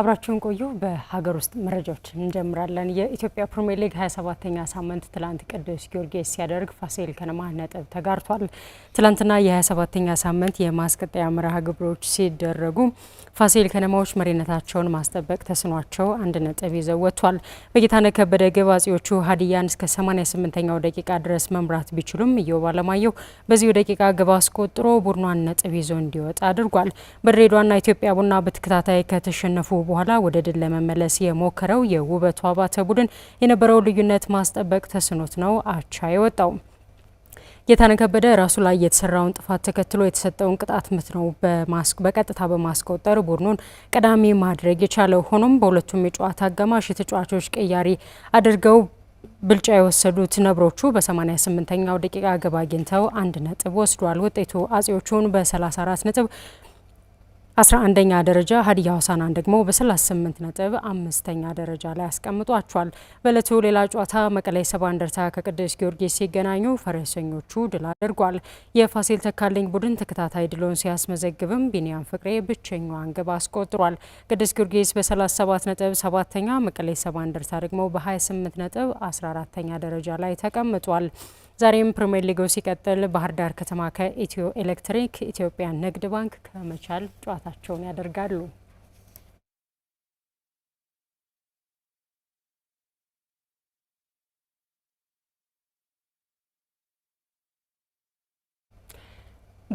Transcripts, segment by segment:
አብራችሁን ቆዩ። በሀገር ውስጥ መረጃዎች እንጀምራለን። የኢትዮጵያ ፕሪምየር ሊግ 27ኛ ሳምንት ትላንት ቅዱስ ጊዮርጊስ ሲያደርግ ፋሲል ከነማ ነጥብ ተጋርቷል። ትላንትና የ27ኛ ሳምንት የማስቀጠያ መርሃ ግብሮች ሲደረጉ ፋሲል ከነማዎች መሪነታቸውን ማስጠበቅ ተስኗቸው አንድ ነጥብ ይዘው ወጥቷል። በጌታነህ ከበደ ግብ አጼዎቹ ሀዲያን እስከ 88ኛው ደቂቃ ድረስ መምራት ቢችሉም እየው አለማየሁ በዚሁ ደቂቃ ግብ አስቆጥሮ ቡድኗን ነጥብ ይዞ እንዲወጣ አድርጓል። በድሬዳዋና ኢትዮጵያ ቡና በተከታታይ ከተሸነፉ በኋላ ወደ ድል ለመመለስ የሞከረው የውበቱ አባተ ቡድን የነበረው ልዩነት ማስጠበቅ ተስኖት ነው አቻ የወጣው። ጌታነህ ከበደ ራሱ ላይ የተሰራውን ጥፋት ተከትሎ የተሰጠውን ቅጣት ምት ነው በቀጥታ በማስቆጠር ቡድኑን ቀዳሚ ማድረግ የቻለው። ሆኖም በሁለቱም የጨዋታ አጋማሽ የተጫዋቾች ቀያሪ አድርገው ብልጫ የወሰዱት ነብሮቹ በ88ኛው ደቂቃ ግብ አግኝተው አንድ ነጥብ ወስዷል። ውጤቱ አጼዎቹን በ34 ነጥብ አስራ አንደኛ ደረጃ ሀዲያ ሆሳዕናን ደግሞ በ38 ነጥብ አምስተኛ ደረጃ ላይ አስቀምጧቸዋል። በእለቱ ሌላ ጨዋታ መቀሌ ሰባ እንደርታ ከቅዱስ ጊዮርጊስ ሲገናኙ ፈረሰኞቹ ድል አድርጓል። የፋሲል ተካልኝ ቡድን ተከታታይ ድሎን ሲያስመዘግብም ቢኒያም ፍቅሬ ብቸኛዋን ግብ አስቆጥሯል። ቅዱስ ጊዮርጊስ በ37 ነጥብ ሰባተኛ፣ መቀሌ ሰባ እንደርታ ደግሞ በ28 ነጥብ 14ተኛ ደረጃ ላይ ተቀምጧል። ዛሬም ፕሪምየር ሊጉ ሲቀጥል ባህር ዳር ከተማ ከኢትዮ ኤሌክትሪክ፣ ኢትዮጵያ ንግድ ባንክ ከመቻል ጨዋታቸውን ያደርጋሉ።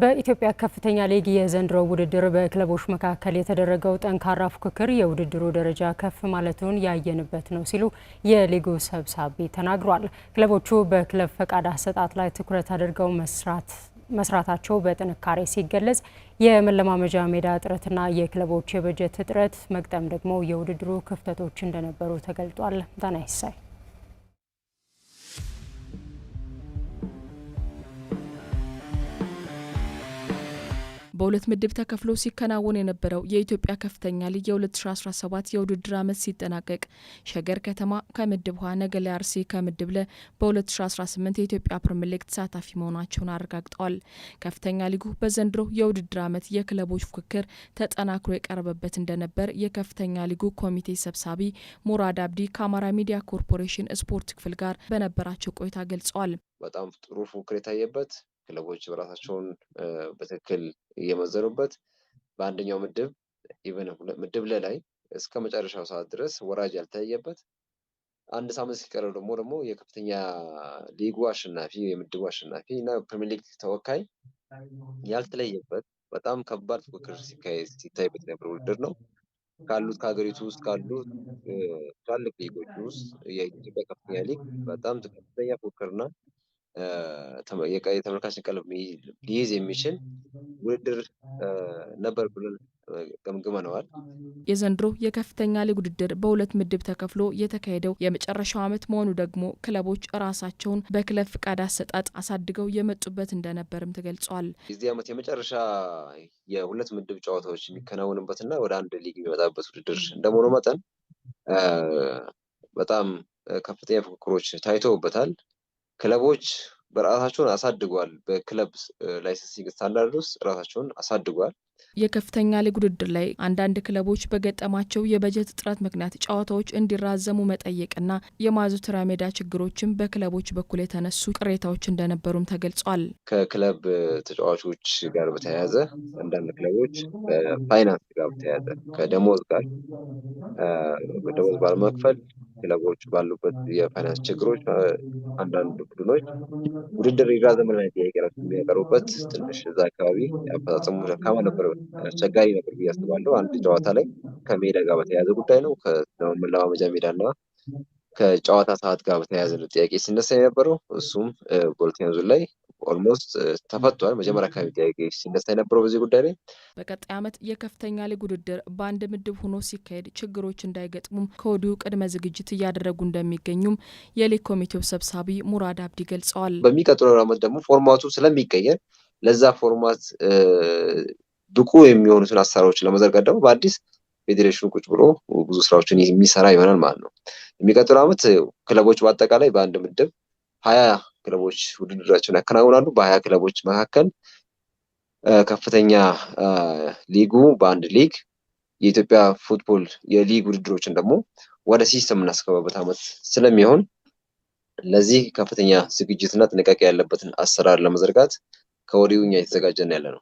በኢትዮጵያ ከፍተኛ ሊግ የዘንድሮ ውድድር በክለቦች መካከል የተደረገው ጠንካራ ፉክክር የውድድሩ ደረጃ ከፍ ማለቱን ያየንበት ነው ሲሉ የሊጉ ሰብሳቢ ተናግሯል። ክለቦቹ በክለብ ፈቃድ አሰጣጥ ላይ ትኩረት አድርገው መስራታቸው በጥንካሬ ሲገለጽ፣ የመለማመጃ ሜዳ እጥረትና የክለቦች የበጀት እጥረት መግጠም ደግሞ የውድድሩ ክፍተቶች እንደነበሩ ተገልጧል። ዳና ይሳይ በሁለት ምድብ ተከፍሎ ሲከናወን የነበረው የኢትዮጵያ ከፍተኛ ሊግ የ2017 የውድድር ዓመት ሲጠናቀቅ ሸገር ከተማ ከምድብ ሀ፣ ነገሌ አርሲ ከምድብ ለ በ2018 የኢትዮጵያ ፕሪምየር ሊግ ተሳታፊ መሆናቸውን አረጋግጠዋል። ከፍተኛ ሊጉ በዘንድሮ የውድድር ዓመት የክለቦች ፉክክር ተጠናክሮ የቀረበበት እንደነበር የከፍተኛ ሊጉ ኮሚቴ ሰብሳቢ ሙራድ አብዲ ከአማራ ሚዲያ ኮርፖሬሽን ስፖርት ክፍል ጋር በነበራቸው ቆይታ ገልጸዋል። በጣም ጥሩ ፉክክር የታየበት ክለቦች ራሳቸውን በትክክል እየመዘኑበት በአንደኛው ምድብ ኢቨን ምድብ ለ ላይ እስከ መጨረሻው ሰዓት ድረስ ወራጅ ያልተለየበት አንድ ሳምንት ሲቀረው ደግሞ ደግሞ የከፍተኛ ሊጉ አሸናፊ የምድቡ አሸናፊ እና ፕሪሚየር ሊግ ተወካይ ያልተለየበት በጣም ከባድ ፉክክር ሲታይበት የነበረ ውድድር ነው። ካሉት ከሀገሪቱ ውስጥ ካሉት ትላልቅ ሊጎች ውስጥ የኢትዮጵያ ከፍተኛ ሊግ በጣም ከፍተኛ ፉክክርና የተመልካችን ቀልብ ሊይዝ የሚችል ውድድር ነበር ብለን ገምግመነዋል። የዘንድሮ የከፍተኛ ሊግ ውድድር በሁለት ምድብ ተከፍሎ የተካሄደው የመጨረሻው ዓመት መሆኑ ደግሞ ክለቦች ራሳቸውን በክለብ ፍቃድ አሰጣጥ አሳድገው የመጡበት እንደነበርም ተገልጿል። የዚህ ዓመት የመጨረሻ የሁለት ምድብ ጨዋታዎች የሚከናወንበትና ወደ አንድ ሊግ የሚመጣበት ውድድር እንደመሆኑ መጠን በጣም ከፍተኛ ፉክክሮች ታይተውበታል። ክለቦች ራሳቸውን አሳድጓል። በክለብ ላይሰንሲንግ ስታንዳርድ ውስጥ ራሳቸውን አሳድጓል። የከፍተኛ ሊግ ውድድር ላይ አንዳንድ ክለቦች በገጠማቸው የበጀት እጥረት ምክንያት ጨዋታዎች እንዲራዘሙ መጠየቅና የማዘውተሪያ ሜዳ ችግሮችም በክለቦች በኩል የተነሱ ቅሬታዎች እንደነበሩም ተገልጿል። ከክለብ ተጫዋቾች ጋር በተያያዘ አንዳንድ ክለቦች ፋይናንስ ጋር በተያያዘ ከደሞዝ ጋር ደሞዝ ባለመክፈል ክለቦች ባሉበት የፋይናንስ ችግሮች አንዳንድ ቡድኖች ውድድር ይራዘምልን ጥያቄ የሚያቀርቡበት። ትንሽ እዛ አካባቢ አፈጻጸሙ ደካማ ነበር። አስቸጋሪ ነበር ብዬ አስባለሁ። አንድ ጨዋታ ላይ ከሜዳ ጋር በተያያዘ ጉዳይ ነው። ሜዳ እና ከጨዋታ ሰዓት ጋር በተያያዘ ነው ጥያቄ ሲነሳ የነበረው። እሱም በሁለተኛ ዙር ላይ ኦልሞስት ተፈቷል። መጀመሪያ አካባቢ ጥያቄ ሲነሳ የነበረው በዚህ ጉዳይ ላይ በቀጣይ ዓመት የከፍተኛ ሊግ ውድድር በአንድ ምድብ ሆኖ ሲካሄድ ችግሮች እንዳይገጥሙም ከወዲሁ ቅድመ ዝግጅት እያደረጉ እንደሚገኙም የሊግ ኮሚቴው ሰብሳቢ ሙራድ አብዲ ገልጸዋል። በሚቀጥለው ዓመት ደግሞ ፎርማቱ ስለሚቀየር ለዛ ፎርማት ብቁ የሚሆኑትን አሰራሮችን ለመዘርጋት ደግሞ በአዲስ ፌዴሬሽኑ ቁጭ ብሎ ብዙ ስራዎችን የሚሰራ ይሆናል ማለት ነው። የሚቀጥለው ዓመት ክለቦች በአጠቃላይ በአንድ ምድብ ሀያ ክለቦች ውድድራቸውን ያከናውናሉ። በሀያ ክለቦች መካከል ከፍተኛ ሊጉ በአንድ ሊግ የኢትዮጵያ ፉትቦል የሊግ ውድድሮችን ደግሞ ወደ ሲስተም እናስገባበት ዓመት ስለሚሆን ለዚህ ከፍተኛ ዝግጅትና ጥንቃቄ ያለበትን አሰራር ለመዘርጋት ከወዲሁ እኛ የተዘጋጀን ያለ ነው።